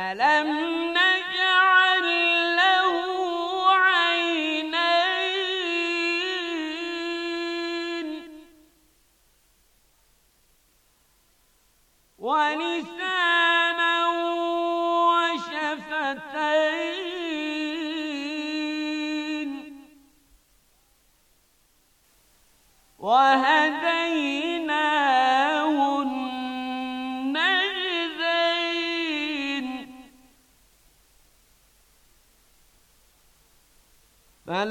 فلم نجد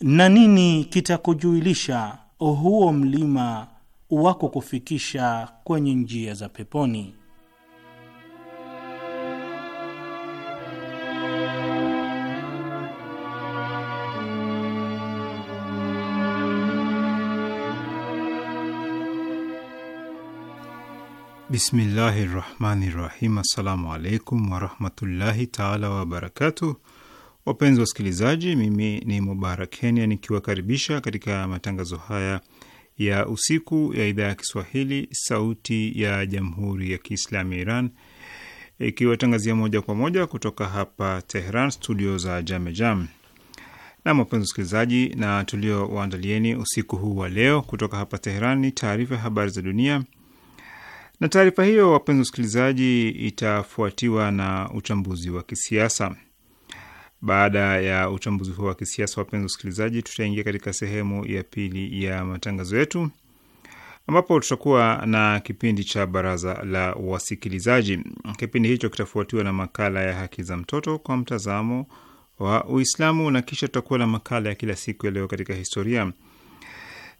na nini kitakujuilisha huo mlima wako kufikisha kwenye njia za peponi? Bismillahi rahmani rahim. Assalamu alaikum warahmatullahi taala wabarakatuh. Wapenzi wa wasikilizaji, mimi ni Mubarak Kenya nikiwakaribisha katika matangazo haya ya usiku ya idhaa ya Kiswahili sauti ya jamhuri ya Kiislamu ya Iran ikiwatangazia moja kwa moja kutoka hapa Tehran, studio za Jamejam. Nam, wapenzi wasikilizaji, na tulio waandalieni usiku huu wa leo kutoka hapa Tehran ni taarifa ya habari za dunia, na taarifa hiyo, wapenzi wasikilizaji, itafuatiwa na uchambuzi wa kisiasa. Baada ya uchambuzi huo wa kisiasa, wapenzi wasikilizaji, tutaingia katika sehemu ya pili ya matangazo yetu ambapo tutakuwa na kipindi cha baraza la wasikilizaji. Kipindi hicho kitafuatiwa na makala ya haki za mtoto kwa mtazamo wa Uislamu, na kisha tutakuwa na makala ya kila siku ya leo katika historia.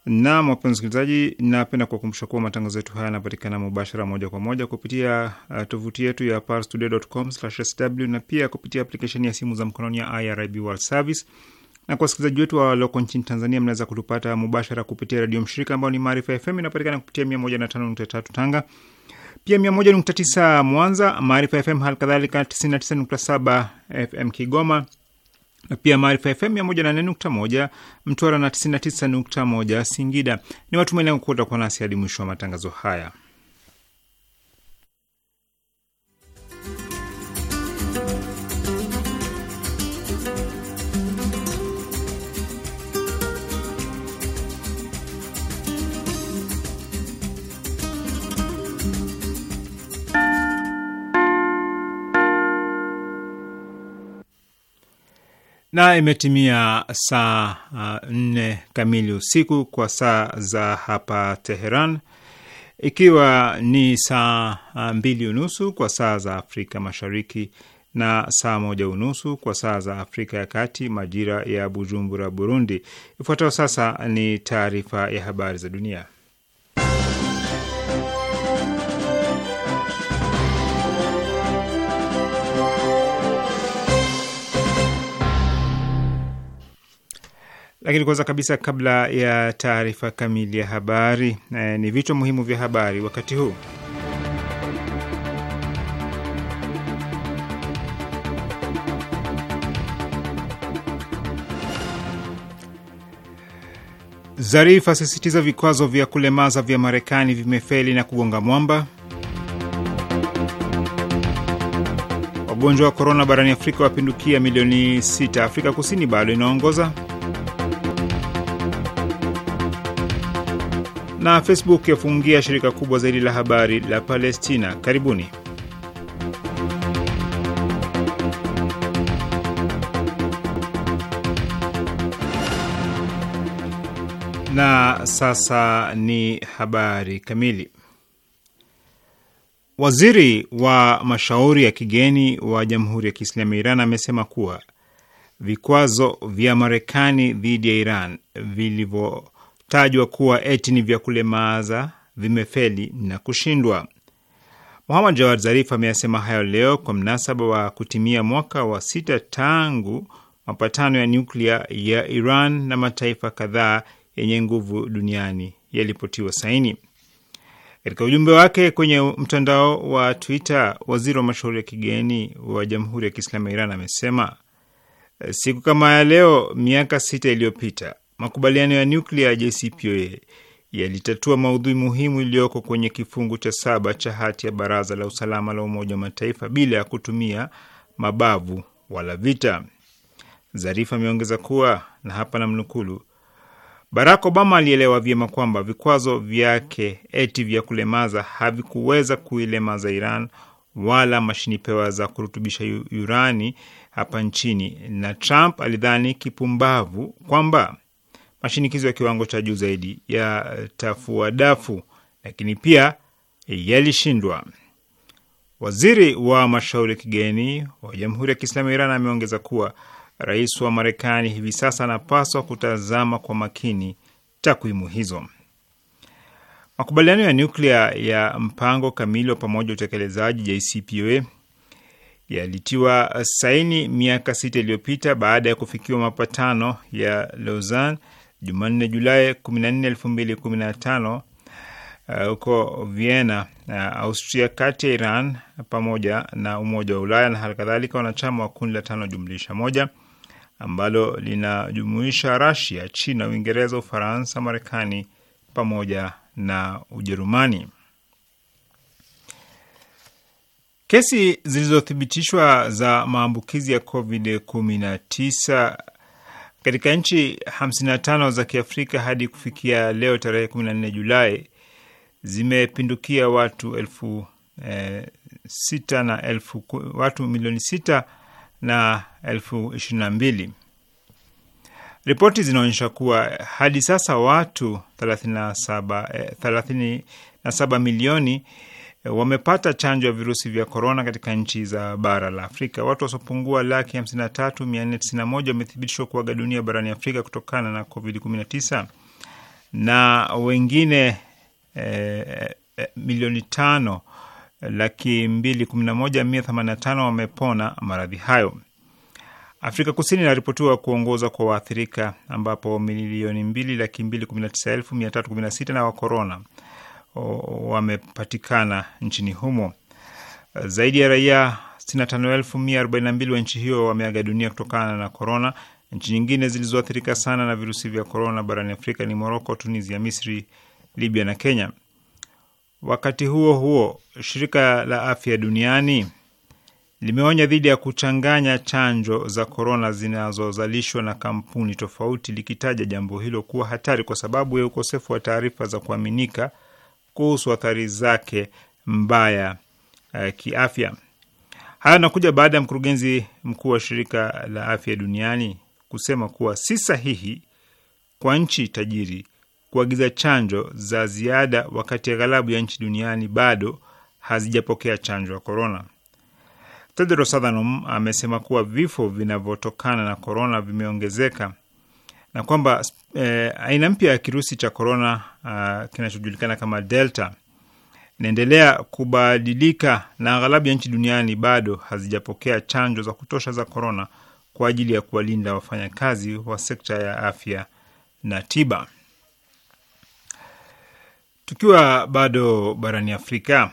Naam, wapenzi msikilizaji, napenda kuwakumbusha kuwa matangazo yetu haya yanapatikana mubashara, moja kwa moja kupitia uh, tovuti yetu ya parstoday.com/sw na pia kupitia aplikesheni ya simu za mkononi ya IRIB World Service. Na kwa wasikilizaji wetu walioko nchini Tanzania, mnaweza kutupata mubashara kupitia redio mshirika ambao ni Maarifa FM, inapatikana kupitia 105.3 Tanga, pia 101.9 Mwanza, Maarifa FM halikadhalika 99.7 FM Kigoma pia Maarifa FM 108.1 Mtwara na 99.1 Singida. Ni matumaini yangu kuwa utakuwa nasi hadi mwisho wa matangazo haya. na imetimia saa uh, nne kamili usiku kwa saa za hapa Teheran, ikiwa ni saa uh, mbili unusu kwa saa za Afrika Mashariki na saa moja unusu kwa saa za Afrika ya Kati, majira ya Bujumbura, Burundi. Ifuatayo sasa ni taarifa ya habari za dunia. Lakini kwanza kabisa, kabla ya taarifa kamili ya habari eh, ni vichwa muhimu vya habari wakati huu. Zarif asisitiza vikwazo vya kulemaza vya Marekani vimefeli na kugonga mwamba. Wagonjwa wa korona barani Afrika wapindukia milioni 6. Afrika Kusini bado inaongoza. na Facebook yafungia shirika kubwa zaidi la habari la Palestina. Karibuni. Na sasa ni habari kamili. Waziri wa mashauri ya kigeni wa Jamhuri ya Kiislamu ya Iran amesema kuwa vikwazo vya Marekani dhidi ya Iran vilivyo tajwa kuwa eti ni vya kulemaza vimefeli na kushindwa. Muhamad Jawad Zarif ameyasema hayo leo kwa mnasaba wa kutimia mwaka wa sita tangu mapatano ya nyuklia ya Iran na mataifa kadhaa yenye nguvu duniani yalipotiwa saini. Katika ujumbe wake kwenye mtandao wa Twitter, waziri wa mashauri ya kigeni wa Jamhuri ya Kiislamu ya Iran amesema siku kama ya leo miaka sita iliyopita makubaliano ya nyuklia ya JCPOA yalitatua maudhui muhimu iliyoko kwenye kifungu cha saba cha hati ya Baraza la Usalama la Umoja wa Mataifa bila ya kutumia mabavu wala vita. Zarifa ameongeza kuwa na hapa namnukulu, Barack Obama alielewa vyema kwamba vikwazo vyake eti vya kulemaza havikuweza kuilemaza Iran wala mashini pewa za kurutubisha urani hapa nchini, na Trump alidhani kipumbavu kwamba mashinikizo ya kiwango cha juu zaidi ya eh, tafuadafu, lakini pia eh, yalishindwa. Waziri wa mashauri ya kigeni wa Jamhuri ya Kiislamu ya Iran ameongeza kuwa rais wa Marekani hivi sasa anapaswa kutazama kwa makini takwimu hizo. Makubaliano ya nyuklia ya mpango kamili wa pamoja utekelezaji JCPOA yalitiwa saini miaka sita iliyopita baada ya kufikiwa mapatano ya Lausanne Jumanne, Julai 14, 2015 uh, huko uh, Vienna uh, Austria, kati ya Iran pamoja na Umoja wa Ulaya na halikadhalika wanachama wa kundi la tano jumlisha moja ambalo linajumuisha Rasia, China, Uingereza, Ufaransa, Marekani pamoja na Ujerumani. Kesi zilizothibitishwa za maambukizi ya COVID-19 katika nchi 55 za Kiafrika hadi kufikia leo tarehe 14 Julai zimepindukia watu elfu e, sita na elfu, watu milioni sita na elfu ishirini na mbili. Ripoti zinaonyesha kuwa hadi sasa watu 37 eh, na saba milioni wamepata chanjo ya virusi vya korona katika nchi za bara la Afrika. Watu wasiopungua laki hamsini wamethibitishwa kuaga dunia barani Afrika kutokana na Covid 19 na wengine eh, eh, milioni tano laki mbili kumi na moja mia themanini na tano wamepona maradhi hayo. Afrika Kusini inaripotiwa kuongoza kwa waathirika ambapo milioni mbili laki mbili kumi na tisa elfu mia tatu kumi na sita na wa korona wamepatikana nchini humo. Zaidi ya raia 65,142 wa nchi hiyo wameaga dunia kutokana na korona. Nchi nyingine zilizoathirika sana na virusi vya korona barani Afrika ni Moroko, Tunisia, Misri, Libya na Kenya. Wakati huo huo, shirika la afya duniani limeonya dhidi ya kuchanganya chanjo za korona zinazozalishwa na kampuni tofauti, likitaja jambo hilo kuwa hatari kwa sababu ya ukosefu wa taarifa za kuaminika kuhusu athari zake mbaya uh, kiafya. Haya anakuja baada ya mkurugenzi mkuu wa shirika la afya duniani kusema kuwa si sahihi kwa nchi tajiri kuagiza chanjo za ziada wakati aghalabu ya nchi duniani bado hazijapokea chanjo ya korona. Tedros Adhanom amesema kuwa vifo vinavyotokana na korona vimeongezeka na kwamba eh, aina mpya ya kirusi cha korona uh, ah, kinachojulikana kama Delta inaendelea kubadilika na aghalabu ya nchi duniani bado hazijapokea chanjo za kutosha za korona kwa ajili ya kuwalinda wafanyakazi wa sekta ya afya na tiba. Tukiwa bado barani Afrika,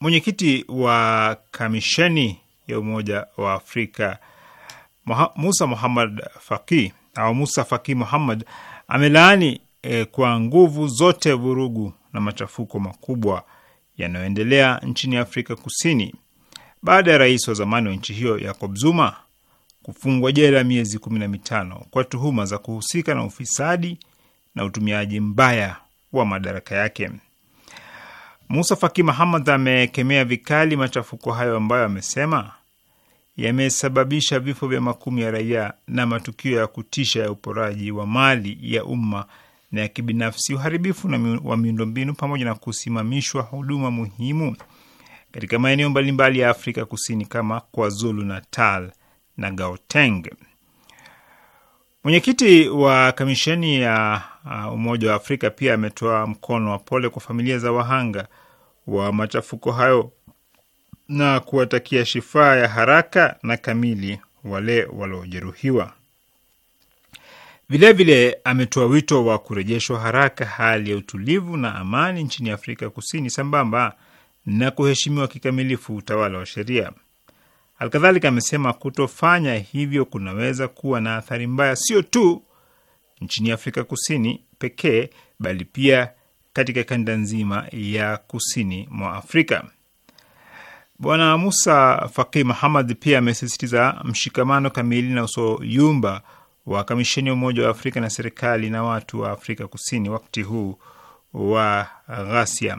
mwenyekiti wa kamisheni ya Umoja wa Afrika Musa Muhammad faqih au Musa Faki Muhammad amelaani e, kwa nguvu zote vurugu na machafuko makubwa yanayoendelea nchini Afrika Kusini baada ya rais wa zamani wa nchi hiyo Jacob Zuma kufungwa jela miezi kumi na mitano kwa tuhuma za kuhusika na ufisadi na utumiaji mbaya wa madaraka yake. Musa Faki Muhammad amekemea vikali machafuko hayo ambayo amesema yamesababisha vifo vya makumi ya raia na matukio ya kutisha ya uporaji wa mali ya umma na ya kibinafsi, uharibifu na wa miundombinu pamoja na kusimamishwa huduma muhimu katika maeneo mbalimbali ya Afrika Kusini kama KwaZulu Natal na Gauteng. Mwenyekiti wa kamisheni ya uh, Umoja wa Afrika pia ametoa mkono wa pole kwa familia za wahanga wa machafuko hayo na kuwatakia shifaa ya haraka na kamili wale waliojeruhiwa. Vilevile ametoa wito wa kurejeshwa haraka hali ya utulivu na amani nchini Afrika Kusini sambamba na kuheshimiwa kikamilifu utawala wa sheria. Alkadhalika amesema kutofanya hivyo kunaweza kuwa na athari mbaya sio tu nchini Afrika Kusini pekee, bali pia katika kanda nzima ya kusini mwa Afrika. Bwana Musa Faki Muhamad pia amesisitiza mshikamano kamili na usoyumba wa kamisheni ya Umoja wa Afrika na serikali na watu wa Afrika Kusini wakati huu wa ghasia.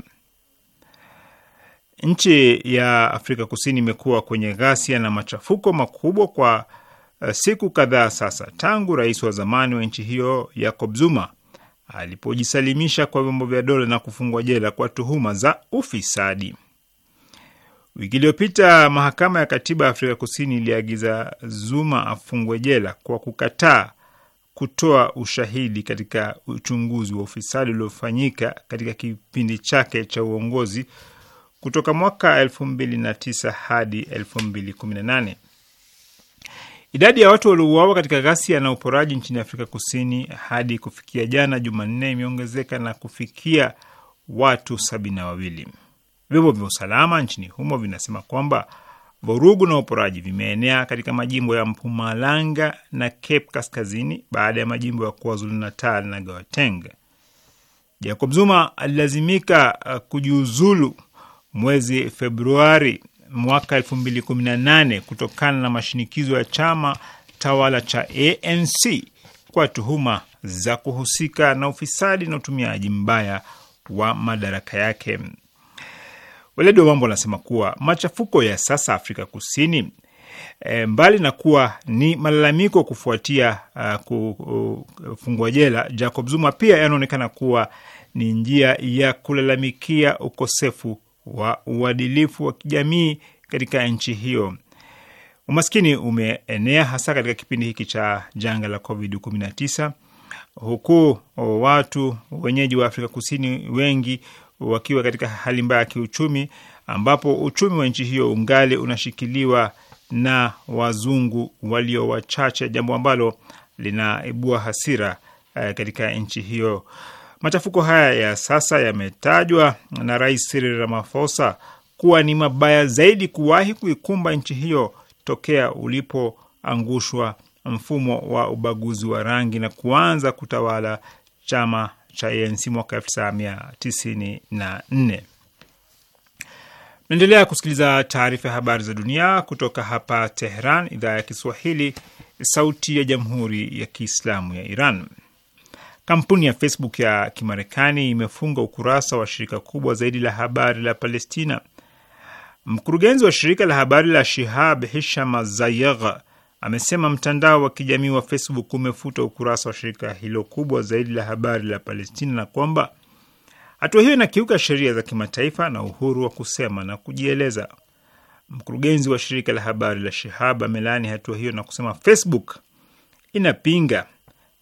Nchi ya Afrika Kusini imekuwa kwenye ghasia na machafuko makubwa kwa eh, siku kadhaa sasa tangu rais wa zamani wa nchi hiyo Jacob Zuma alipojisalimisha kwa vyombo vya dola na kufungwa jela kwa tuhuma za ufisadi. Wiki iliyopita mahakama ya katiba ya Afrika Kusini iliagiza Zuma afungwe jela kwa kukataa kutoa ushahidi katika uchunguzi wa ufisadi uliofanyika katika kipindi chake cha uongozi kutoka mwaka 2009 hadi 2018. Idadi ya watu waliouawa katika ghasia na uporaji nchini Afrika Kusini hadi kufikia jana Jumanne imeongezeka na kufikia watu sabini na wawili. Vyombo vya usalama nchini humo vinasema kwamba vurugu na uporaji vimeenea katika majimbo ya Mpumalanga na Cape Kaskazini baada ya majimbo ya KwaZulu Natal na Gauteng. Jacob Zuma alilazimika uh, kujiuzulu mwezi Februari mwaka 2018 kutokana na mashinikizo ya chama tawala cha ANC kwa tuhuma za kuhusika na ufisadi na utumiaji mbaya wa madaraka yake. Weledi wa mambo anasema kuwa machafuko ya sasa Afrika Kusini e, mbali na kuwa ni malalamiko kufuatia ah, kufungwa jela Jacob Zuma, pia yanaonekana kuwa ni njia ya kulalamikia ukosefu wa uadilifu wa kijamii katika nchi hiyo. Umaskini umeenea hasa katika kipindi hiki cha janga la COVID-19 huku watu wenyeji wa Afrika Kusini wengi wakiwa katika hali mbaya ya kiuchumi, ambapo uchumi wa nchi hiyo ungali unashikiliwa na wazungu walio wachache, jambo ambalo linaibua hasira eh, katika nchi hiyo. Machafuko haya ya sasa yametajwa na Rais Cyril Ramaphosa kuwa ni mabaya zaidi kuwahi kuikumba nchi hiyo tokea ulipoangushwa mfumo wa ubaguzi wa rangi na kuanza kutawala chama cha ANC mwaka 1994. Naendelea kusikiliza taarifa ya habari za dunia kutoka hapa Tehran, idhaa ya Kiswahili, sauti ya jamhuri ya kiislamu ya Iran. Kampuni ya Facebook ya Kimarekani imefunga ukurasa wa shirika kubwa zaidi la habari la Palestina. Mkurugenzi wa shirika la habari la Shihab Hisham Zayagh amesema mtandao wa kijamii wa Facebook umefuta ukurasa wa shirika hilo kubwa zaidi la habari la Palestina na kwamba hatua hiyo inakiuka sheria za kimataifa na uhuru wa kusema na kujieleza. Mkurugenzi wa shirika la habari la Shihab amelaani hatua hiyo na kusema Facebook inapinga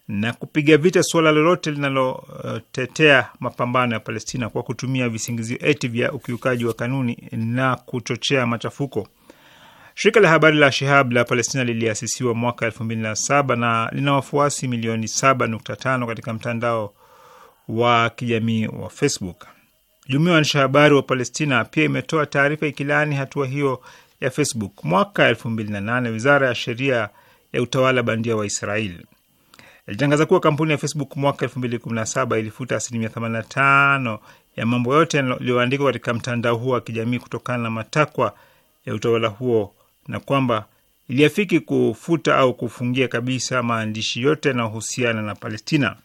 na kupiga vita suala lolote linalotetea mapambano ya Palestina kwa kutumia visingizio eti vya ukiukaji wa kanuni na kuchochea machafuko. Shirika la habari la Shihab la Palestina liliasisiwa mwaka 2007 na lina wafuasi milioni 7.5 katika mtandao wa kijamii wa Facebook. Jumuiya ya waandishi habari wa Palestina pia imetoa taarifa ikilaani hatua hiyo ya Facebook. Mwaka 2008 wizara ya sheria ya utawala bandia wa Israel ilitangaza kuwa kampuni ya Facebook mwaka 2017 ilifuta asilimia 85 ya mambo yote yaliyoandikwa katika mtandao huo wa kijamii kutokana na matakwa ya utawala huo na kwamba iliafiki kufuta au kufungia kabisa maandishi yote yanayohusiana na Palestina.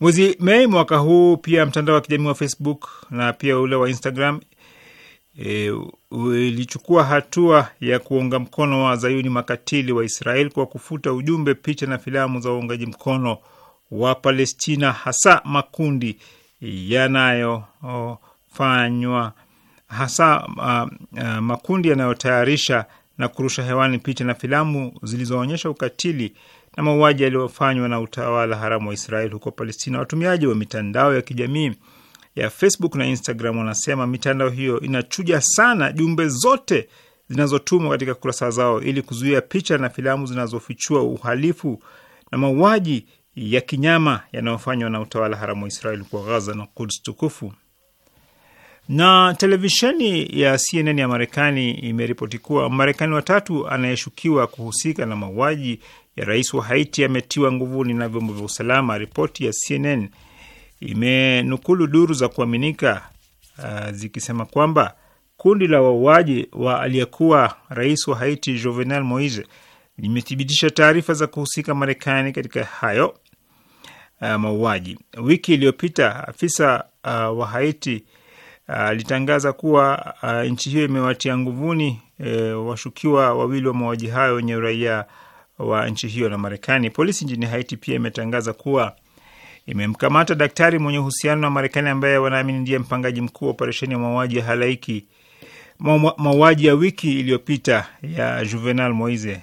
Mwezi Mei mwaka huu pia mtandao wa kijamii wa Facebook na pia ule wa Instagram e, ilichukua hatua ya kuunga mkono wa zayuni makatili wa Israel kwa kufuta ujumbe, picha na filamu za uungaji mkono wa Palestina, hasa makundi yanayofanywa oh, hasa uh, uh, makundi yanayotayarisha na kurusha hewani picha na filamu zilizoonyesha ukatili na mauaji yaliyofanywa na utawala haramu wa Israeli huko Palestina. Watumiaji wa mitandao ya kijamii ya Facebook na Instagram wanasema mitandao hiyo inachuja sana jumbe zote zinazotumwa katika kurasa zao ili kuzuia picha na filamu zinazofichua uhalifu na mauaji ya kinyama yanayofanywa na utawala haramu wa Israeli kwa Gaza na Kuds tukufu. Na televisheni ya CNN ya Marekani imeripoti kuwa Marekani watatu anayeshukiwa kuhusika na mauaji ya rais wa Haiti ametiwa nguvuni na vyombo vya usalama. Ripoti ya CNN imenukulu duru za kuaminika uh, zikisema kwamba kundi la wauaji wa aliyekuwa rais wa Haiti Jovenel Moise limethibitisha taarifa za kuhusika Marekani katika hayo uh, mauaji. Wiki iliyopita afisa uh, wa Haiti alitangaza kuwa a, uh, nchi hiyo imewatia nguvuni e, washukiwa wawili wa mauaji hayo wenye uraia wa nchi hiyo na Marekani. Polisi nchini Haiti pia imetangaza kuwa imemkamata daktari mwenye uhusiano na Marekani ambaye wanaamini ndiye mpangaji mkuu wa operesheni ya mauaji ya halaiki, mauaji ya wiki iliyopita ya Juvenal Moise.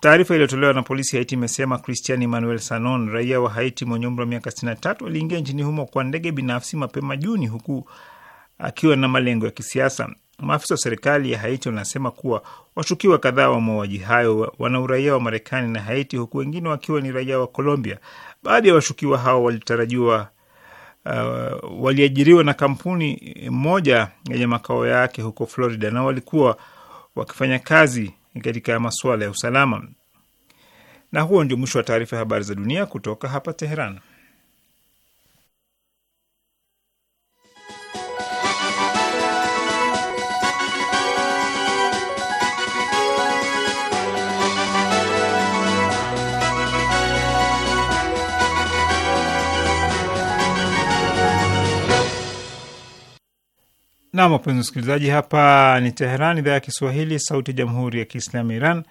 Taarifa iliyotolewa na polisi Haiti imesema Christian Emmanuel Sanon, raia wa Haiti mwenye umri wa miaka 63, aliingia nchini humo kwa ndege binafsi mapema Juni, huku akiwa na malengo ya kisiasa. Maafisa wa serikali ya Haiti wanasema kuwa washukiwa kadhaa wa mauaji hayo wana uraia wa Marekani na Haiti, huku wengine wakiwa ni raia wa Colombia. Baadhi ya washukiwa hao walitarajiwa uh, waliajiriwa na kampuni moja yenye makao yake huko Florida na walikuwa wakifanya kazi katika masuala ya usalama. Na huo ndio mwisho wa taarifa ya habari za dunia kutoka hapa Teheran. Nam, wapenzi msikilizaji, hapa ni Teheran, idhaa ya Kiswahili, sauti ya jamhuri ya kiislamu ya Iran.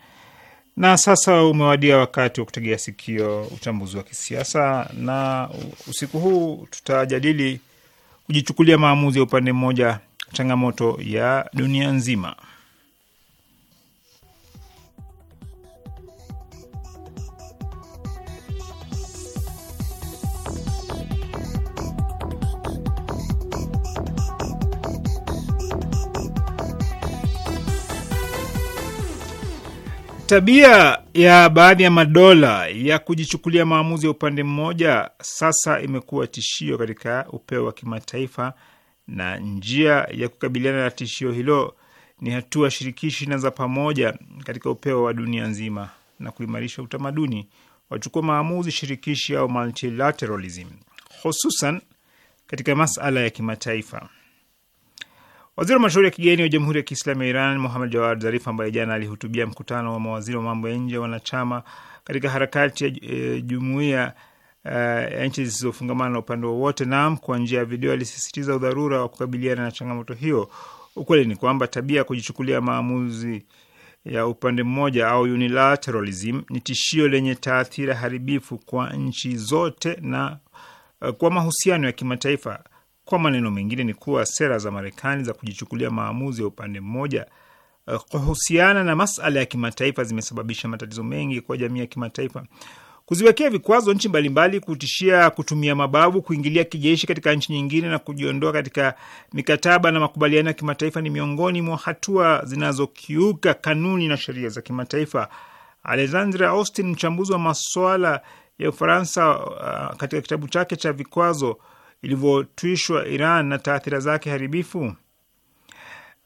Na sasa umewadia wakati wa kutegea sikio uchambuzi wa kisiasa, na usiku huu tutajadili kujichukulia maamuzi ya upande mmoja, changamoto ya dunia nzima. Tabia ya baadhi ya madola ya kujichukulia maamuzi ya upande mmoja sasa imekuwa tishio katika upeo wa kimataifa, na njia ya kukabiliana na tishio hilo ni hatua shirikishi na za pamoja katika upeo wa dunia nzima na kuimarisha utamaduni wachukua maamuzi shirikishi au multilateralism, hususan katika masala ya kimataifa. Waziri wa mashauri ya kigeni wa Jamhuri ya Kiislamu ya Iran Muhammad Jawad Zarif, ambaye jana alihutubia mkutano wa mawaziri wa mambo ya nje wanachama katika harakati ya e, jumuiya e, ya nchi zisizofungamana na upande wowote nam kwa njia ya video alisisitiza udharura wa kukabiliana na changamoto hiyo. Ukweli ni kwamba tabia ya kujichukulia maamuzi ya upande mmoja au unilateralism ni tishio lenye taathira haribifu kwa nchi zote na e, kwa mahusiano ya kimataifa. Kwa maneno mengine ni kuwa sera za Marekani za kujichukulia maamuzi ya upande mmoja eh, kuhusiana na masala ya kimataifa zimesababisha matatizo mengi kwa jamii ya kimataifa. Kuziwekea vikwazo nchi mbalimbali, kutishia kutumia mabavu, kuingilia kijeshi katika nchi nyingine na kujiondoa katika mikataba na makubaliano ya kimataifa ni miongoni mwa hatua zinazokiuka kanuni na sheria za kimataifa. Alexandra Austin, mchambuzi wa maswala ya Ufaransa, eh, katika kitabu chake cha Vikwazo ilivyotwishwa Iran na taathira zake haribifu.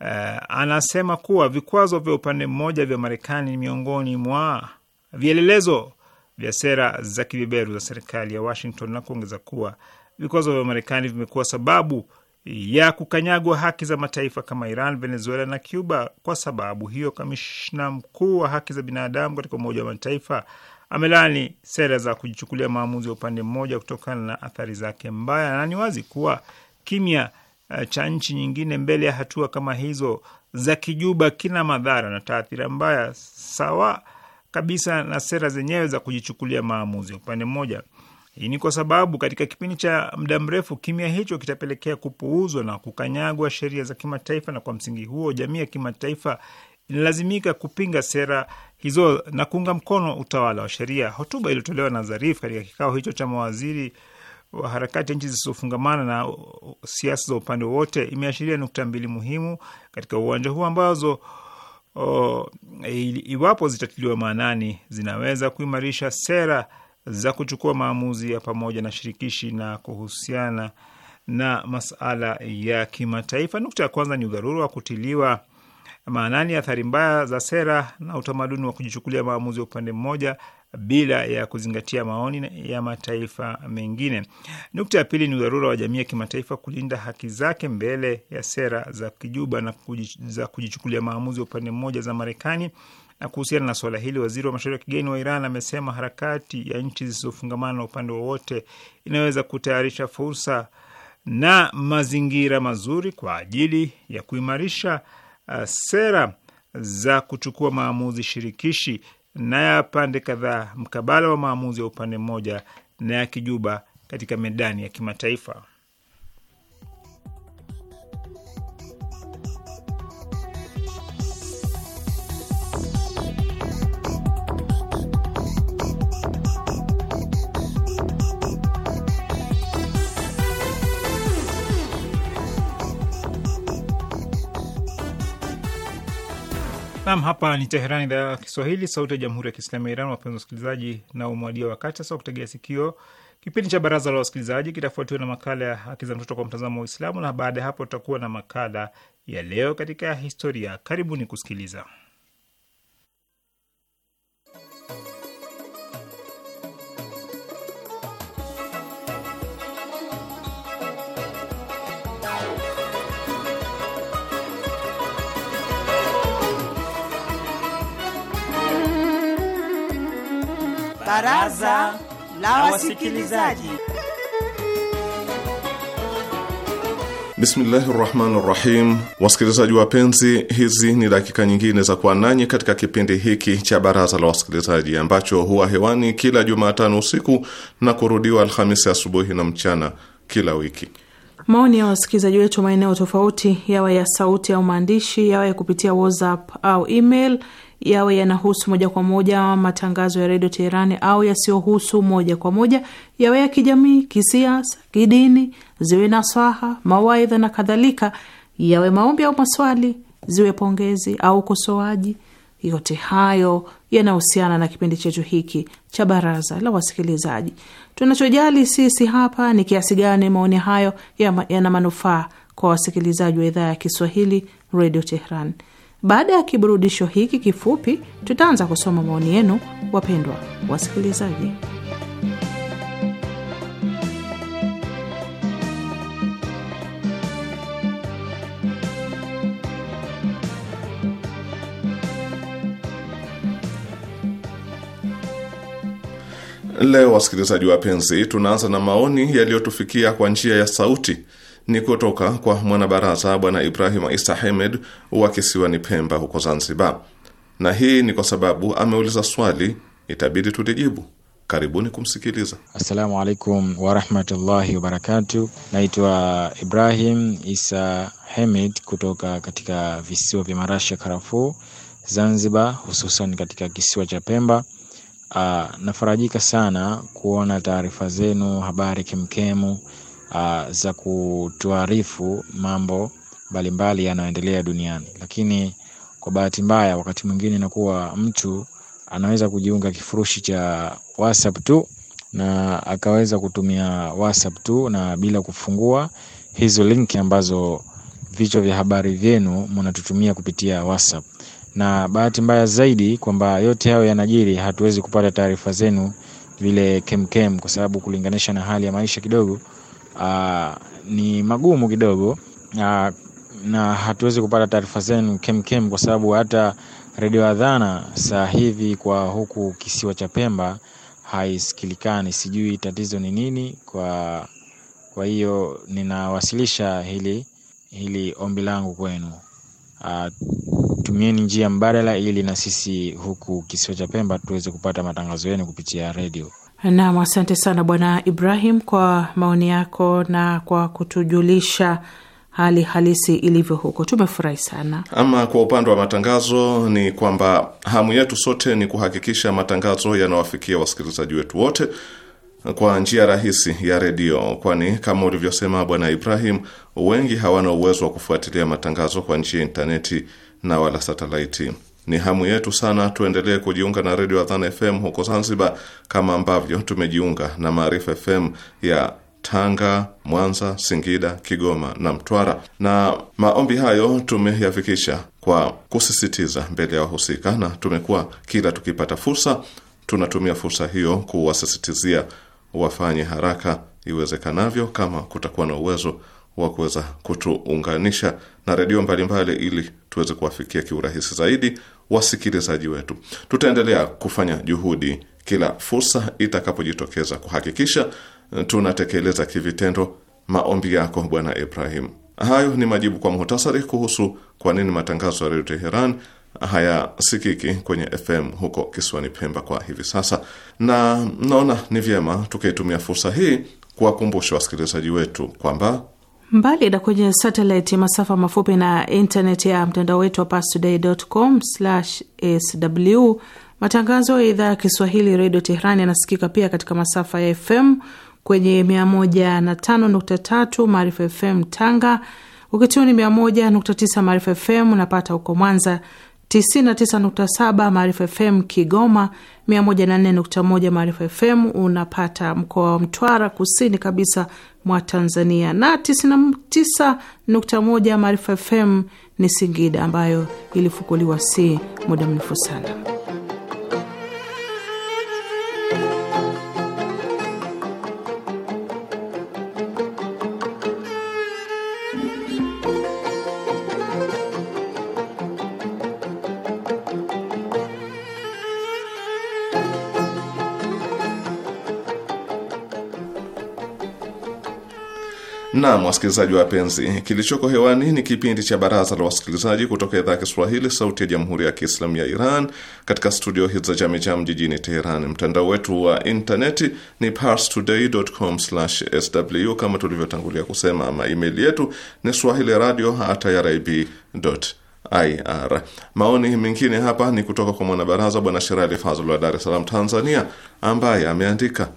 Uh, anasema kuwa vikwazo vya upande mmoja vya Marekani ni miongoni mwa vielelezo vya sera za kibeberu za serikali ya Washington na kuongeza kuwa vikwazo vya Marekani vimekuwa sababu ya kukanyagwa haki za mataifa kama Iran, Venezuela na Cuba. Kwa sababu hiyo, kamishna mkuu wa haki za binadamu katika Umoja wa Mataifa amelani sera za kujichukulia maamuzi ya upande mmoja kutokana na athari zake mbaya, na ni wazi kuwa kimya uh, cha nchi nyingine mbele ya hatua kama hizo za kijuba kina madhara na taathira mbaya sawa kabisa na sera zenyewe za kujichukulia maamuzi ya upande mmoja. Hii ni kwa sababu katika kipindi cha muda mrefu kimya hicho kitapelekea kupuuzwa na kukanyagwa sheria za kimataifa, na kwa msingi huo jamii ya kimataifa inalazimika kupinga sera hizo na kuunga mkono utawala wa sheria. Hotuba iliyotolewa na Zarif katika kikao hicho cha mawaziri wa harakati ya nchi zisizofungamana na siasa za upande wowote imeashiria nukta mbili muhimu katika uwanja huu ambazo o, iwapo zitatiliwa maanani zinaweza kuimarisha sera za kuchukua maamuzi ya pamoja na shirikishi na kuhusiana na masala ya kimataifa. Nukta ya kwanza ni udharura wa kutiliwa maanani athari mbaya za sera na utamaduni wa kujichukulia maamuzi ya upande mmoja bila ya kuzingatia maoni ya mataifa mengine. Nukta ya pili ni udharura wa jamii ya kimataifa kulinda haki zake mbele ya sera za kijuba na za kujichukulia maamuzi ya upande mmoja za Marekani. Na kuhusiana na suala hili, waziri wa mashauri ya kigeni wa Iran amesema harakati ya nchi zisizofungamana na upande wowote inaweza kutayarisha fursa na mazingira mazuri kwa ajili ya kuimarisha Uh, sera za kuchukua maamuzi shirikishi na ya pande kadhaa mkabala wa maamuzi ya upande mmoja na ya kijuba katika medani ya kimataifa. Nam, hapa ni Teheran, idhaa ya Kiswahili, sauti ya jamhuri ya kiislamu ya Iran. Wapenzi wasikilizaji, na umwadia wakati sasa wa kutegea sikio kipindi cha baraza la wasikilizaji, kitafuatiwa na makala ya haki za mtoto kwa mtazamo wa Uislamu, na baada ya hapo tutakuwa na makala ya leo katika historia. Karibuni kusikiliza. Baraza la Wasikilizaji. Bismillahi rahmani rahim. Wasikilizaji wapenzi, hizi ni dakika nyingine za kuwa nanyi katika kipindi hiki cha baraza la wasikilizaji ambacho huwa hewani kila Jumatano usiku na kurudiwa Alhamisi asubuhi na mchana kila wiki. Maoni ya wasikilizaji wetu maeneo tofauti, yawe ya sauti au maandishi, yawe ya kupitia WhatsApp au email, yawe yanahusu moja kwa moja matangazo ya redio Teherani au yasiyohusu moja kwa moja, yawe ya kijamii, kisiasa, kidini, ziwe nasaha, mawaidha na kadhalika, yawe maombi au maswali, ziwe pongezi au ukosoaji yote hayo yanahusiana na kipindi chetu hiki cha baraza la wasikilizaji. Tunachojali sisi hapa ni kiasi gani maoni hayo yana manufaa kwa wasikilizaji wa idhaa ya Kiswahili Radio Tehran. Baada ya kiburudisho hiki kifupi, tutaanza kusoma maoni yenu, wapendwa wasikilizaji. Leo wasikilizaji wapenzi, tunaanza na maoni yaliyotufikia kwa njia ya sauti. Ni kutoka kwa mwanabaraza Bwana Ibrahim Isa Hemed wa kisiwani Pemba huko Zanzibar, na hii ni kwa sababu ameuliza swali, itabidi tulijibu. Karibuni kumsikiliza. Assalamu alaikum warahmatullahi wabarakatu. Naitwa Ibrahim Isa Hemed kutoka katika visiwa vya Marashi ya Karafuu, Zanzibar, hususan katika kisiwa cha Pemba. Uh, nafarajika sana kuona taarifa zenu, habari kemkemu uh, za kutuarifu mambo mbalimbali yanayoendelea duniani, lakini kwa bahati mbaya wakati mwingine inakuwa mtu anaweza kujiunga kifurushi cha WhatsApp tu na akaweza kutumia WhatsApp tu na bila kufungua hizo linki ambazo vichwa vya habari vyenu mnatutumia kupitia WhatsApp na bahati mbaya zaidi kwamba yote hayo yanajiri, hatuwezi kupata taarifa zenu vile kemkem, kwa sababu kulinganisha na hali ya maisha kidogo aa, ah, ni magumu kidogo aa, ah, na hatuwezi kupata taarifa zenu kemkem, kwa sababu hata redio Adhana saa hivi kwa huku kisiwa cha Pemba haisikilikani. Sijui tatizo ni nini. Kwa kwa hiyo ninawasilisha hili hili ombi langu kwenu aa, ah, tumieni njia mbadala, ili na sisi huku kisiwa cha Pemba tuweze kupata matangazo yenu kupitia redio. Naam, asante sana Bwana Ibrahim kwa maoni yako na kwa kutujulisha hali halisi ilivyo huko. Tumefurahi sana. Ama kwa upande wa matangazo, ni kwamba hamu yetu sote ni kuhakikisha matangazo yanawafikia wasikilizaji wetu wote kwa njia rahisi ya redio, kwani kama ulivyosema Bwana Ibrahim, wengi hawana uwezo wa kufuatilia matangazo kwa njia ya intaneti na wala satelaiti. Ni hamu yetu sana tuendelee kujiunga na redio Adhan FM huko Zanzibar, kama ambavyo tumejiunga na Maarifa FM ya Tanga, Mwanza, Singida, Kigoma na Mtwara. Na maombi hayo tumeyafikisha kwa kusisitiza mbele ya wahusika, na tumekuwa kila tukipata fursa tunatumia fursa hiyo kuwasisitizia wafanye haraka iwezekanavyo, kama kutakuwa na uwezo wa kuweza kutuunganisha na redio mbalimbali ili tuweze kuwafikia kiurahisi zaidi wasikilizaji wetu. Tutaendelea kufanya juhudi kila fursa itakapojitokeza kuhakikisha tunatekeleza kivitendo maombi yako Bwana Ibrahim. Hayo ni majibu kwa muhtasari kuhusu kwa nini matangazo ya redio Teheran hayasikiki kwenye FM huko kisiwani Pemba kwa hivi sasa, na naona ni vyema tukaitumia fursa hii kuwakumbusha wasikilizaji wetu kwamba Mbali na kwenye satellite, masafa mafupi na intaneti ya mtandao wetu wa pastodaycom sw matangazo ya idhaa ya Kiswahili redio Teherani yanasikika pia katika masafa ya FM kwenye 105.3 Maarifa FM Tanga, ukituni 101.9 Maarifa FM unapata huko Mwanza 99.7 Maarifa FM Kigoma, 104.1 Maarifa FM unapata mkoa wa Mtwara, kusini kabisa mwa Tanzania, na 99.1 Maarifa FM ni Singida, ambayo ilifukuliwa si muda mrefu sana. Naam, wasikilizaji wapenzi, kilichoko hewani ni kipindi cha Baraza la Wasikilizaji kutoka idhaa ya Kiswahili, Sauti ya Jamhuri ya Kiislamu ya Iran, katika studio hizi za Jamejam jijini Teheran. Mtandao wetu wa intaneti ni parstoday.com/sw, kama tulivyotangulia kusema, ama email yetu ni swahili radio at IR. Maoni mengine hapa ni kutoka kwa mwanabaraza Bwana Sherali Fazl wa Dar es Salaam, Tanzania, ambaye ameandika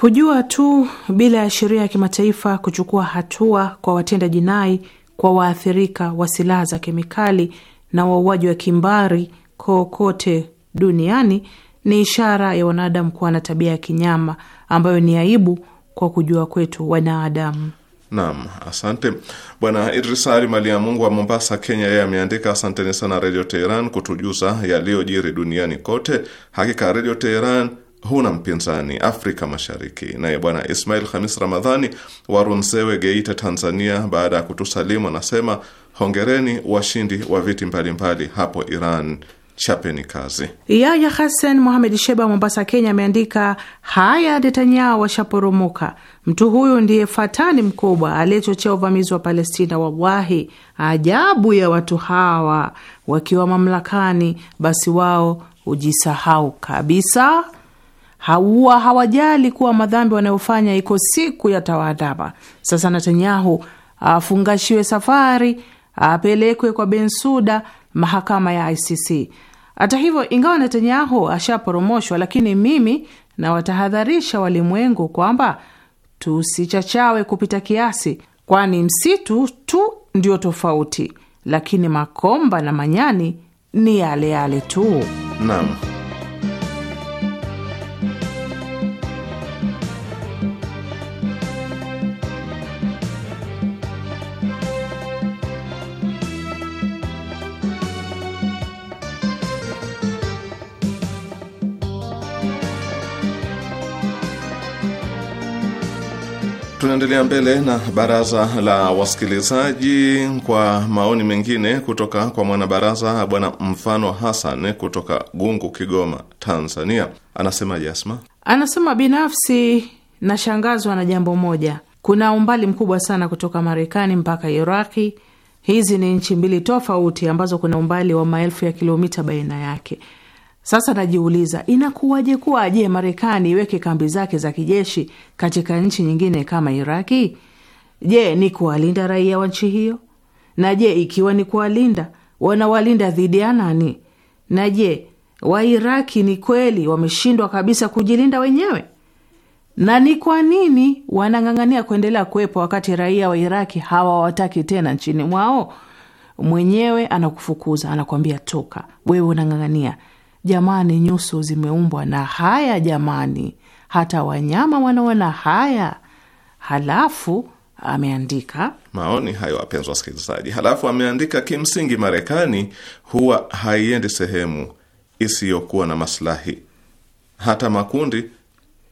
Kujua tu bila ya sheria ya kimataifa kuchukua hatua kwa watenda jinai, kwa waathirika wa silaha za kemikali na wauaji wa kimbari kokote duniani ni ishara ya wanadamu kuwa na tabia ya kinyama ambayo ni aibu kwa kujua kwetu wanadamu. Naam, asante Bwana Idris Ali Mali ya Mungu wa Mombasa, Kenya. Yeye ameandika asanteni sana Redio Teheran kutujuza yaliyojiri duniani kote. Hakika Radio Teheran huna mpinzani Afrika Mashariki. Naye Bwana Ismail Hamis Ramadhani wa Runzewe, Geita, Tanzania, baada ya kutusalimu anasema hongereni washindi wa viti mbalimbali mbali hapo Iran. Chapeni kazi. Yaya hasan Mohamed Sheba, Mombasa, Kenya, ameandika haya, Netanyahu washaporomoka. Mtu huyu ndiye fatani mkubwa aliyechochea uvamizi wa Palestina. Wallahi, ajabu ya watu hawa, wakiwa mamlakani basi wao hujisahau kabisa hawa hawajali kuwa madhambi wanayofanya iko siku ya tawaadhaba. Sasa Netanyahu afungashiwe safari apelekwe kwa Bensuda, mahakama ya ICC. Hata hivyo, ingawa Netanyahu ashaporomoshwa, lakini mimi nawatahadharisha walimwengu kwamba tusichachawe kupita kiasi, kwani msitu tu ndio tofauti, lakini makomba na manyani ni yale yale tu. Naam. Tunaendelea mbele na baraza la wasikilizaji kwa maoni mengine kutoka kwa mwanabaraza Bwana Mfano Hassan kutoka Gungu, Kigoma, Tanzania. Anasema Jasma, anasema binafsi nashangazwa na jambo moja, kuna umbali mkubwa sana kutoka Marekani mpaka Iraki. Hizi ni nchi mbili tofauti ambazo kuna umbali wa maelfu ya kilomita baina yake. Sasa najiuliza inakuwaje kuwa je, Marekani iweke kambi zake za kijeshi katika nchi nyingine kama Iraki? Je, ni kuwalinda raia wa nchi hiyo? Na je, ikiwa ni kuwalinda, wanawalinda dhidi ya nani? Na je, Wairaki ni kweli wameshindwa kabisa kujilinda wenyewe? Na ni kwa nini wanang'ang'ania kuendelea kuwepo wakati raia wa Iraki hawawataki tena nchini mwao? Mwenyewe anakufukuza, anakuambia toka, wewe unang'ang'ania Jamani, nyuso zimeumbwa na haya jamani, hata wanyama wanaona haya. Halafu ameandika maoni hayo, wapenzi wasikilizaji. Halafu ameandika kimsingi, Marekani huwa haiendi sehemu isiyokuwa na maslahi. Hata makundi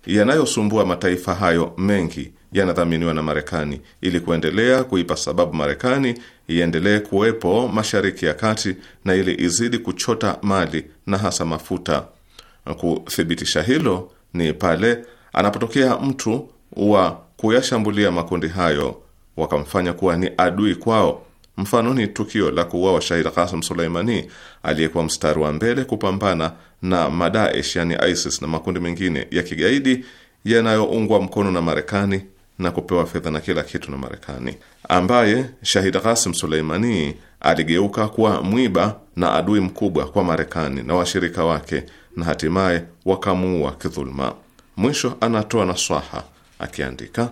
yanayosumbua mataifa hayo mengi yanadhaminiwa na Marekani ili kuendelea kuipa sababu Marekani iendelee kuwepo Mashariki ya Kati na ili izidi kuchota mali na hasa mafuta. Kuthibitisha hilo ni pale anapotokea mtu wa kuyashambulia makundi hayo wakamfanya kuwa ni adui kwao. Mfano ni tukio la kuuawa shahid Qasim Suleimani aliyekuwa mstari wa mbele kupambana na Madaesh, yani ISIS na makundi mengine ya kigaidi yanayoungwa mkono na Marekani na kupewa fedha na kila kitu na Marekani, ambaye Shahid Qasim Suleimani aligeuka kuwa mwiba na adui mkubwa kwa Marekani na washirika wake na hatimaye wakamuua kidhuluma. Mwisho anatoa nasaha akiandika,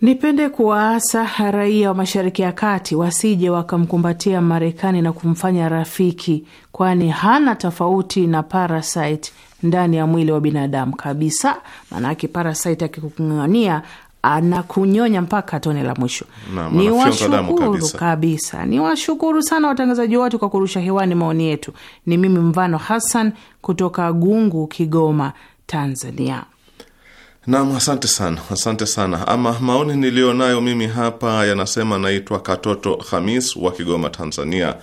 nipende kuwaasa raia wa Mashariki ya Kati wasije wakamkumbatia Marekani na kumfanya rafiki, kwani hana tofauti na parasite ndani ya mwili wa binadamu kabisa. Maanake parasite akikung'ang'ania anakunyonya mpaka tone la mwisho. Ni washukuru kabisa, Ni washukuru sana watangazaji wote kwa kurusha hewani maoni yetu. Ni mimi Mvano Hassan kutoka Gungu, Kigoma, Tanzania. Nam, asante sana, asante sana. Ama maoni niliyo nayo mimi hapa yanasema, naitwa Katoto Hamis wa Kigoma, Tanzania.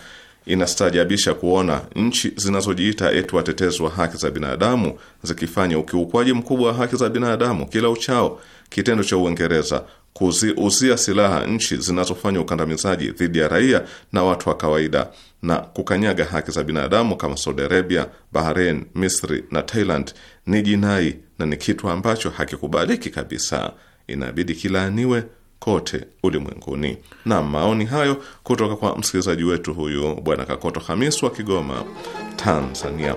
Inastaajabisha kuona nchi zinazojiita eti watetezi wa haki za binadamu zikifanya ukiukwaji mkubwa wa haki za binadamu kila uchao kitendo cha Uingereza kuziuzia silaha nchi zinazofanya ukandamizaji dhidi ya raia na watu wa kawaida na kukanyaga haki za binadamu kama Saudi Arabia, Bahrain, Misri na Thailand ni jinai na ni kitu ambacho hakikubaliki kabisa, inabidi kilaaniwe kote ulimwenguni. Na maoni hayo kutoka kwa msikilizaji wetu huyu Bwana Kakoto Hamis wa Kigoma, Tanzania.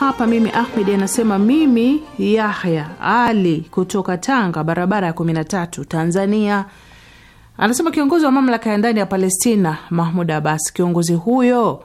hapa mimi Ahmedi anasema mimi Yahya Ali kutoka Tanga, barabara ya 13, Tanzania. Anasema kiongozi wa mamlaka ya ndani ya Palestina Mahmud Abbas, kiongozi huyo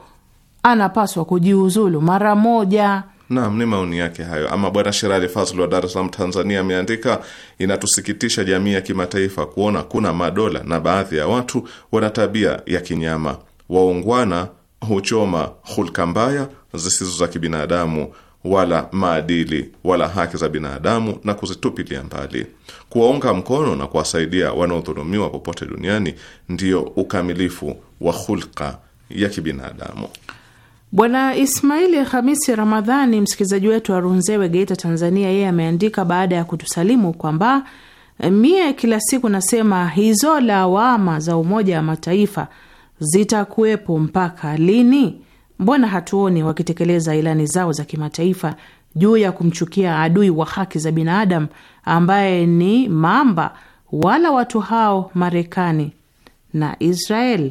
anapaswa kujiuzulu mara moja. Naam, ni maoni yake hayo. Ama bwana Sherali Fazl wa Dar es Salaam, Tanzania, ameandika inatusikitisha jamii ya kimataifa kuona kuna madola na baadhi ya watu wana tabia ya kinyama. Waungwana huchoma hulka mbaya zisizo za kibinadamu wala maadili wala haki za binadamu na kuzitupilia mbali. Kuwaunga mkono na kuwasaidia wanaodhulumiwa popote duniani ndiyo ukamilifu wa hulka ya kibinadamu. Bwana Ismaili Hamisi Ramadhani, msikilizaji wetu wa Runzewe, Geita, Tanzania, yeye ameandika baada ya kutusalimu kwamba mie kila siku nasema hizo lawama za Umoja wa Mataifa zitakuwepo mpaka lini? Mbona hatuoni wakitekeleza ilani zao za kimataifa juu ya kumchukia adui wa haki za binadamu ambaye ni mamba, wala watu hao Marekani na israel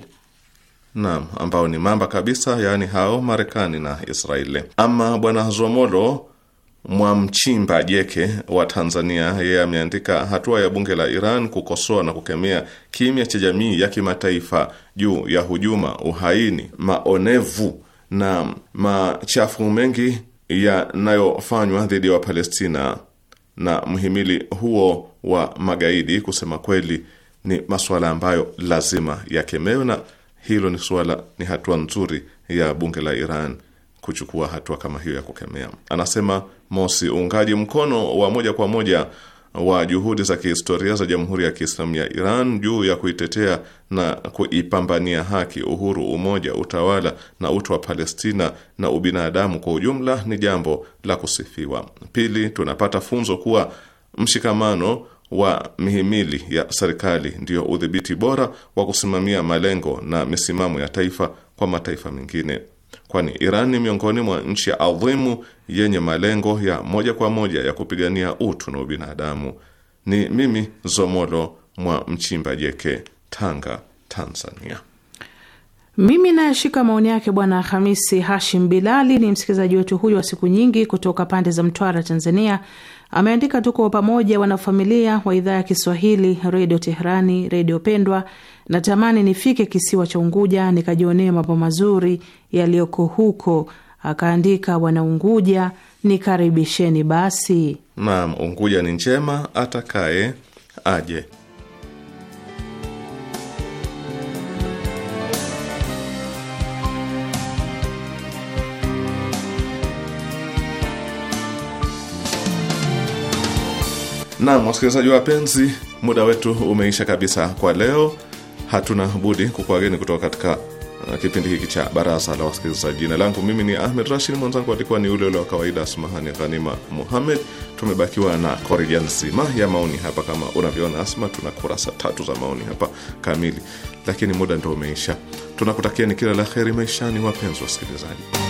Naam, ambao ni mamba kabisa, yaani hao Marekani na Israeli. Ama bwana Zomolo Mwamchimba Jeke wa Tanzania, yeye ameandika hatua ya bunge la Iran kukosoa na kukemea kimya cha jamii ya kimataifa juu ya hujuma, uhaini, maonevu na machafu mengi yanayofanywa dhidi ya Wapalestina na mhimili huo wa magaidi, kusema kweli, ni masuala ambayo lazima yakemewe, na hilo ni suala, ni hatua nzuri ya bunge la Iran kuchukua hatua kama hiyo ya kukemea. Anasema Mosi, uungaji mkono wa moja kwa moja wa juhudi za kihistoria za Jamhuri ya Kiislamu ya Iran juu ya kuitetea na kuipambania haki, uhuru, umoja, utawala na utu wa Palestina na ubinadamu kwa ujumla ni jambo la kusifiwa. Pili, tunapata funzo kuwa mshikamano wa mihimili ya serikali ndiyo udhibiti bora wa kusimamia malengo na misimamo ya taifa kwa mataifa mengine kwani Iran ni miongoni mwa nchi adhimu yenye malengo ya moja kwa moja ya kupigania utu na ubinadamu. Ni mimi Zomolo mwa Mchimba Jeke, Tanga, Tanzania. Mimi nayeshika maoni yake Bwana Hamisi Hashim Bilali, ni msikilizaji wetu huyu wa siku nyingi kutoka pande za Mtwara, Tanzania Ameandika, tuko pamoja wanafamilia wa idhaa ya Kiswahili redio Teherani, redio pendwa. Natamani nifike kisiwa cha Unguja nikajionee mambo mazuri yaliyoko huko. Akaandika, wanaunguja nikaribisheni basi. Naam, Unguja ni njema, atakaye aje. Naam, wasikilizaji wapenzi, muda wetu umeisha kabisa kwa leo. Hatuna budi kukuageni kutoka katika uh, kipindi hiki cha baraza la wasikilizaji. Jina langu mimi ni Ahmed Rashid, mwenzangu alikuwa ni ule ule wa kawaida Asmahani Ghanima Muhamed. Tumebakiwa na korija nzima ya maoni hapa, kama unavyoona Asma, tuna kurasa tatu za maoni hapa kamili, lakini muda ndo umeisha. Tunakutakieni kila la heri maishani, wapenzi wasikilizaji.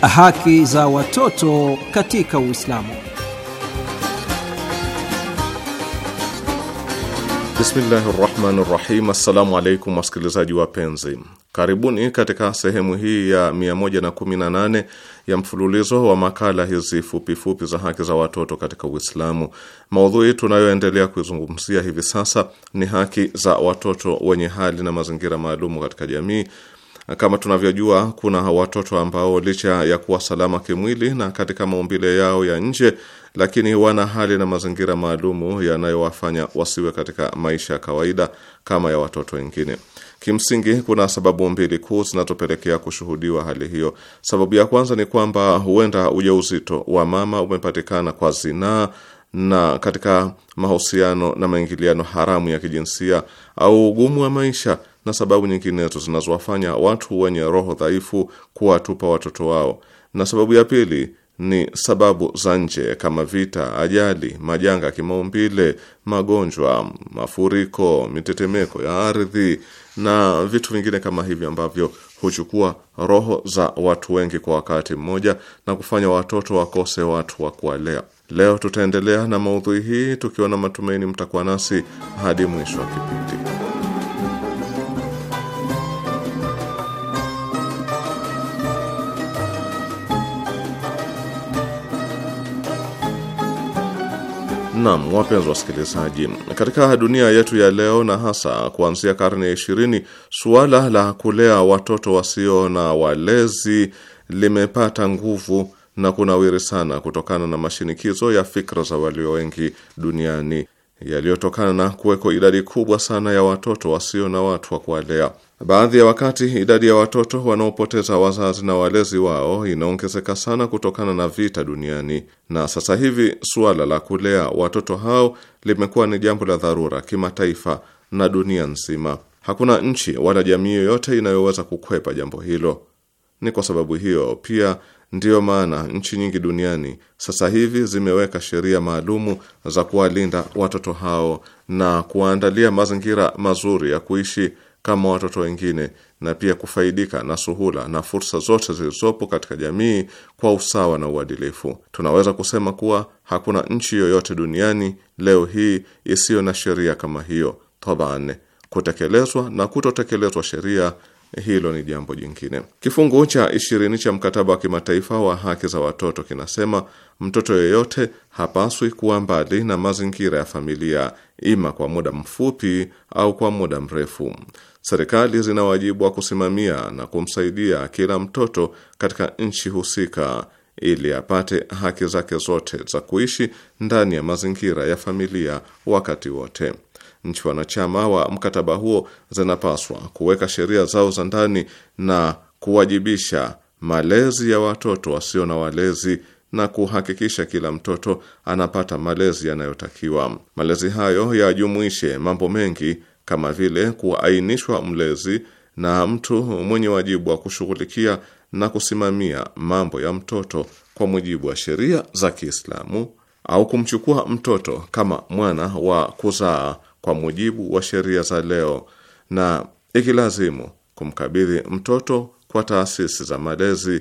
Haki za watoto katika Uislamu. Bismillahi rahmani rahim. Assalamu alaikum wasikilizaji wapenzi, karibuni katika sehemu hii ya 118 ya mfululizo wa makala hizi fupifupi za haki za watoto katika Uislamu. Maudhui tunayoendelea kuizungumzia hivi sasa ni haki za watoto wenye hali na mazingira maalumu katika jamii kama tunavyojua, kuna watoto ambao licha ya kuwa salama kimwili na katika maumbile yao ya nje, lakini wana hali na mazingira maalumu yanayowafanya wasiwe katika maisha ya kawaida kama ya watoto wengine. Kimsingi, kuna sababu mbili kuu zinazopelekea kushuhudiwa hali hiyo. Sababu ya kwanza ni kwamba huenda ujauzito wa mama umepatikana kwa zinaa na katika mahusiano na maingiliano haramu ya kijinsia au ugumu wa maisha na sababu nyinginezo zinazowafanya watu wenye roho dhaifu kuwatupa watoto wao. Na sababu ya pili ni sababu za nje kama vita, ajali, majanga ya kimaumbile, magonjwa, mafuriko, mitetemeko ya ardhi na vitu vingine kama hivyo ambavyo huchukua roho za watu wengi kwa wakati mmoja na kufanya watoto wakose watu wa kuwalea. Leo tutaendelea na maudhui hii tukiwa na matumaini mtakuwa nasi hadi mwisho wa kipindi. Naam, wapenzi wasikilizaji, katika dunia yetu ya leo na hasa kuanzia karne ya ishirini, suala la kulea watoto wasio na walezi limepata nguvu na kunawiri sana kutokana na mashinikizo ya fikra za walio wengi duniani yaliyotokana na kuweko idadi kubwa sana ya watoto wasio na watu wa kuwalea. Baadhi ya wakati idadi ya watoto wanaopoteza wazazi na walezi wao inaongezeka sana kutokana na vita duniani, na sasa hivi suala la kulea watoto hao limekuwa ni jambo la dharura kimataifa na dunia nzima. Hakuna nchi wala jamii yoyote inayoweza kukwepa jambo hilo. Ni kwa sababu hiyo pia ndiyo maana nchi nyingi duniani sasa hivi zimeweka sheria maalumu za kuwalinda watoto hao na kuwaandalia mazingira mazuri ya kuishi kama watoto wengine na pia kufaidika na suhula na fursa zote zilizopo katika jamii kwa usawa na uadilifu. Tunaweza kusema kuwa hakuna nchi yoyote duniani leo hii isiyo na sheria kama hiyo. Taban, kutekelezwa na kutotekelezwa sheria hilo ni jambo jingine. Kifungu cha ishirini cha mkataba wa kimataifa wa haki za watoto kinasema mtoto yeyote hapaswi kuwa mbali na mazingira ya familia, ima kwa muda mfupi au kwa muda mrefu. Serikali zina wajibu wa kusimamia na kumsaidia kila mtoto katika nchi husika ili apate haki zake zote za kuishi ndani ya mazingira ya familia wakati wote. Nchi wanachama wa mkataba huo zinapaswa kuweka sheria zao za ndani na kuwajibisha malezi ya watoto wasio na walezi na kuhakikisha kila mtoto anapata malezi yanayotakiwa. Malezi hayo yajumuishe mambo mengi kama vile kuainishwa mlezi na mtu mwenye wajibu wa kushughulikia na kusimamia mambo ya mtoto kwa mujibu wa sheria za Kiislamu au kumchukua mtoto kama mwana wa kuzaa kwa mujibu wa sheria za leo na ikilazimu kumkabidhi mtoto kwa taasisi za malezi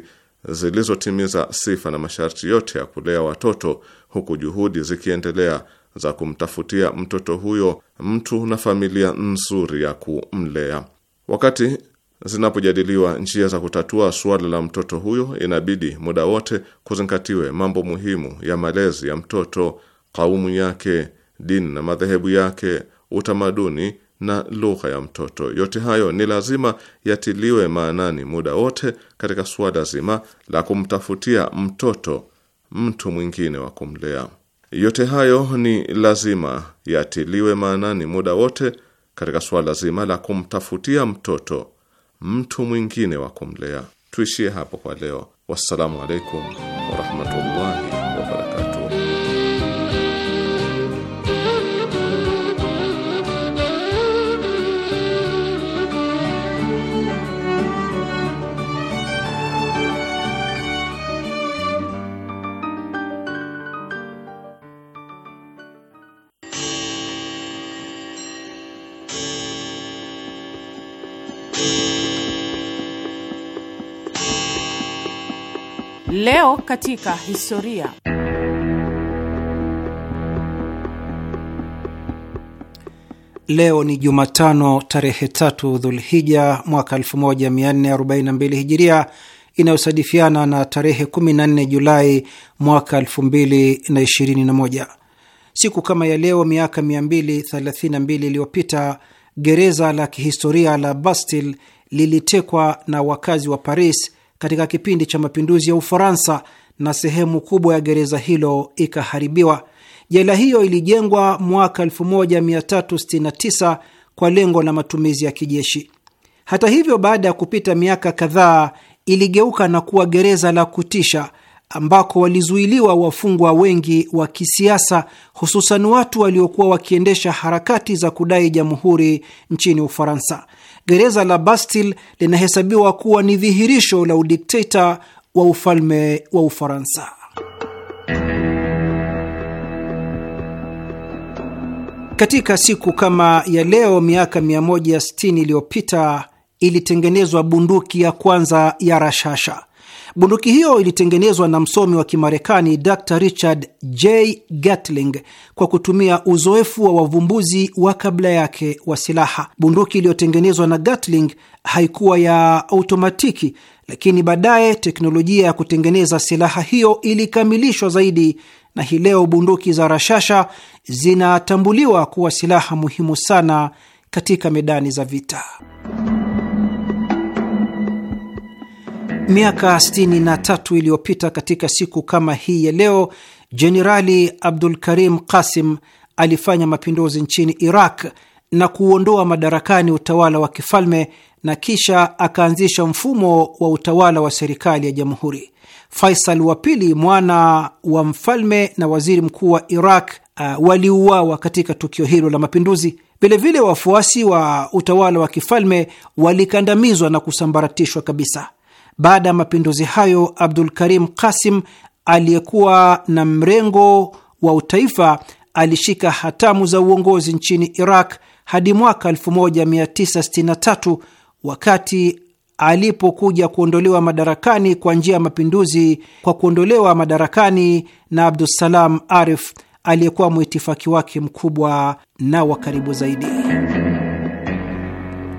zilizotimiza sifa na masharti yote ya kulea watoto, huku juhudi zikiendelea za kumtafutia mtoto huyo mtu na familia nzuri ya kumlea. Wakati zinapojadiliwa njia za kutatua suala la mtoto huyo, inabidi muda wote kuzingatiwe mambo muhimu ya malezi ya mtoto, kaumu yake dini na madhehebu yake, utamaduni na lugha ya mtoto. Yote hayo ni lazima yatiliwe maanani muda wote katika suala zima la kumtafutia mtoto mtu mwingine wa kumlea. Yote hayo ni lazima yatiliwe maanani muda wote katika suala zima la kumtafutia mtoto mtu mwingine wa kumlea. Tuishie hapo kwa leo. Wassalamu alaikum warahmatullahi Leo katika historia. Leo ni Jumatano tarehe tatu Dhulhija mwaka 1442 Hijiria, inayosadifiana na tarehe 14 Julai mwaka 2021. Siku kama ya leo miaka 232 iliyopita gereza la kihistoria la Bastille lilitekwa na wakazi wa Paris katika kipindi cha mapinduzi ya Ufaransa na sehemu kubwa ya gereza hilo ikaharibiwa. Jela hiyo ilijengwa mwaka 1369 kwa lengo la matumizi ya kijeshi. Hata hivyo, baada ya kupita miaka kadhaa, iligeuka na kuwa gereza la kutisha ambako walizuiliwa wafungwa wengi wa kisiasa, hususan watu waliokuwa wakiendesha harakati za kudai jamhuri nchini Ufaransa gereza la Bastille linahesabiwa kuwa ni dhihirisho la udikteta wa ufalme wa Ufaransa. Katika siku kama ya leo miaka 160 iliyopita ilitengenezwa bunduki ya kwanza ya rashasha. Bunduki hiyo ilitengenezwa na msomi wa Kimarekani Dr Richard J Gatling kwa kutumia uzoefu wa wavumbuzi wa kabla yake wa silaha. Bunduki iliyotengenezwa na Gatling haikuwa ya automatiki, lakini baadaye teknolojia ya kutengeneza silaha hiyo ilikamilishwa zaidi na hii leo bunduki za rashasha zinatambuliwa kuwa silaha muhimu sana katika medani za vita. Miaka 63 iliyopita katika siku kama hii ya leo, Jenerali Abdul Karim Qasim alifanya mapinduzi nchini Iraq na kuondoa madarakani utawala wa kifalme na kisha akaanzisha mfumo wa utawala wa serikali ya jamhuri. Faisal wa pili, mwana wa mfalme na waziri mkuu wa Iraq, uh, waliuawa katika tukio hilo la mapinduzi. Vilevile wafuasi wa utawala wa kifalme walikandamizwa na kusambaratishwa kabisa. Baada ya mapinduzi hayo, Abdul Karim Qasim aliyekuwa na mrengo wa utaifa alishika hatamu za uongozi nchini Iraq hadi mwaka 1963 wakati alipokuja kuondolewa madarakani kwa njia ya mapinduzi kwa kuondolewa madarakani na Abdusalam Arif aliyekuwa mwitifaki wake mkubwa na wa karibu zaidi.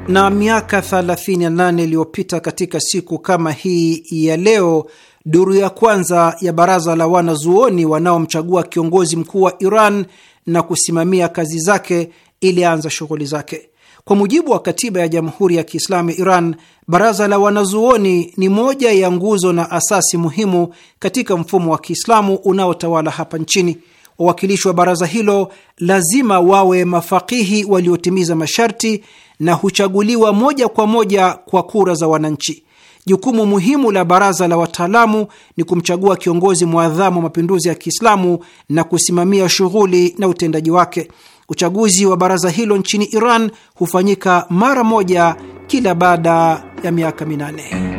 Na miaka 38 iliyopita katika siku kama hii ya leo, duru ya kwanza ya baraza la wanazuoni wanaomchagua kiongozi mkuu wa Iran na kusimamia kazi zake ilianza shughuli zake. Kwa mujibu wa katiba ya Jamhuri ya Kiislamu ya Iran, baraza la wanazuoni ni moja ya nguzo na asasi muhimu katika mfumo wa Kiislamu unaotawala hapa nchini wawakilishi wa baraza hilo lazima wawe mafakihi waliotimiza masharti na huchaguliwa moja kwa moja kwa kura za wananchi. Jukumu muhimu la baraza la wataalamu ni kumchagua kiongozi mwadhamu wa mapinduzi ya Kiislamu na kusimamia shughuli na utendaji wake. Uchaguzi wa baraza hilo nchini Iran hufanyika mara moja kila baada ya miaka minane.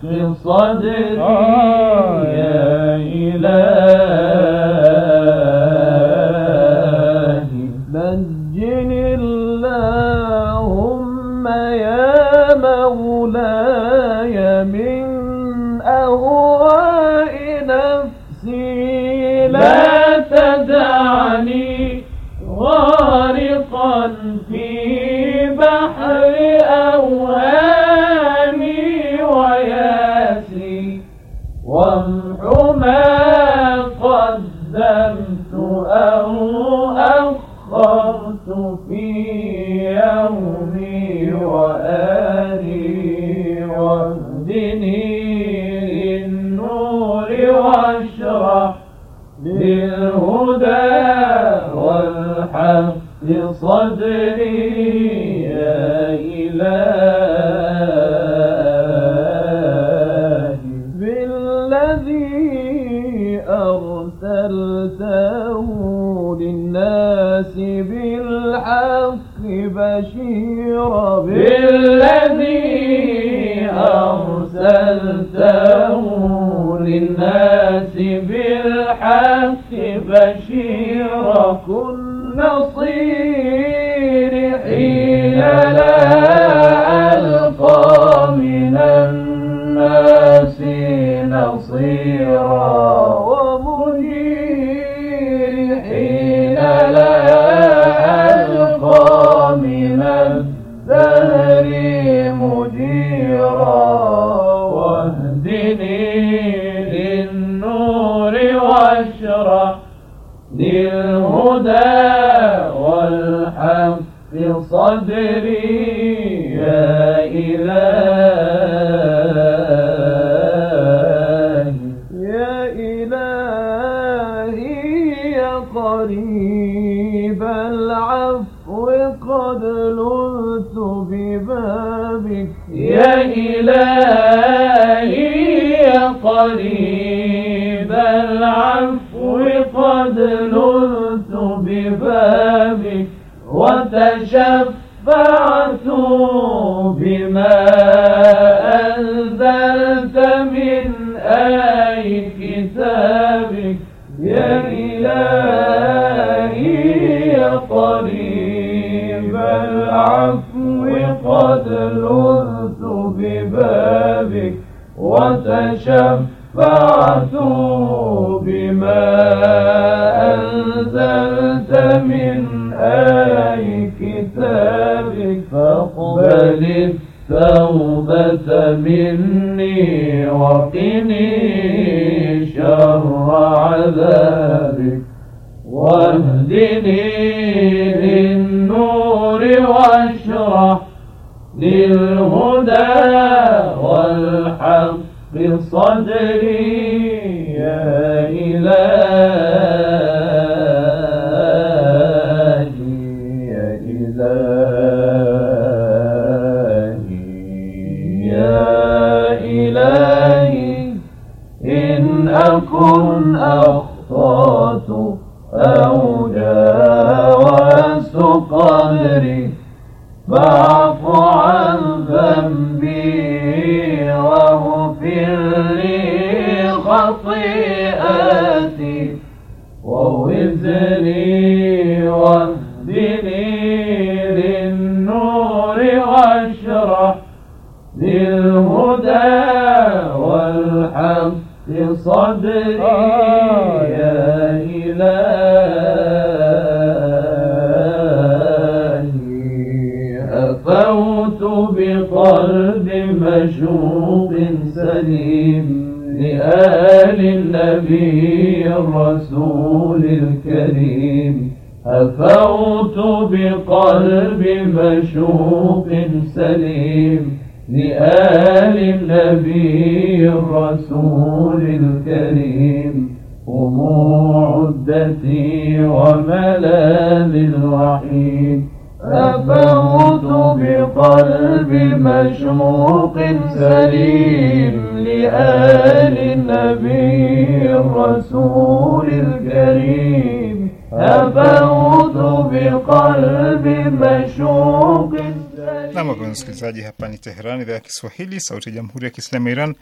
في صدري آه. يا إلهي نجني اللهم يا مولاي من أهواء نفسي القمح ما قدمت أو أخرت في يومي وآلي واهدني للنور واشرح بالهدى والحق صدري الناس بالحق بشيرا بالذي أرسلته للناس بالحق بشيرا كن deri العفو قد لذت ببابك وتشفعت بما أنزلت من آي كتابك فاقبل التوبة مني وقني شر عذابك واهدني للنور واشرح للهدى والحق صدري مشوق سليم لآل النبي الرسول الكريم هفوت بقلب مشوق سليم لآل النبي الرسول الكريم هم عدتي وملاذ الرحيم أفوت بقلب مشوق سليم لآل النبي الرسول الكريم أفوت بقلب مشوق Nam wapenzi msikilizaji, hapa ni Teheran, idhaa ya Kiswahili, sauti ya jamhuri ya kiislamu ya Iran.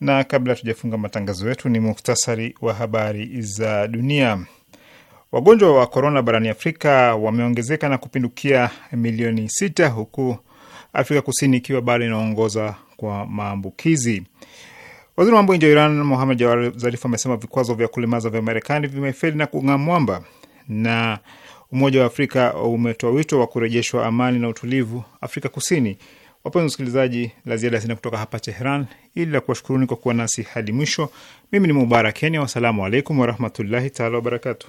Na kabla hatujafunga matangazo yetu, ni muhtasari wa habari za dunia. Wagonjwa wa korona barani Afrika wameongezeka na kupindukia milioni sita huku Afrika Kusini ikiwa bado inaongoza kwa maambukizi. Waziri wa mambo nje wa Iran Mohamed Jawar Zarif amesema vikwazo vya kulemaza vya Marekani vimefeli na kung'aa mwamba, na Umoja wa Afrika umetoa wito wa kurejeshwa amani na utulivu Afrika Kusini. Wapenzi wasikilizaji, la ziada sina kutoka hapa Teheran ili la kuwashukuruni kwa kuwa nasi hadi mwisho. Mimi ni Mubarak Kenya, wassalamu alaikum warahmatullahi taala wabarakatuh.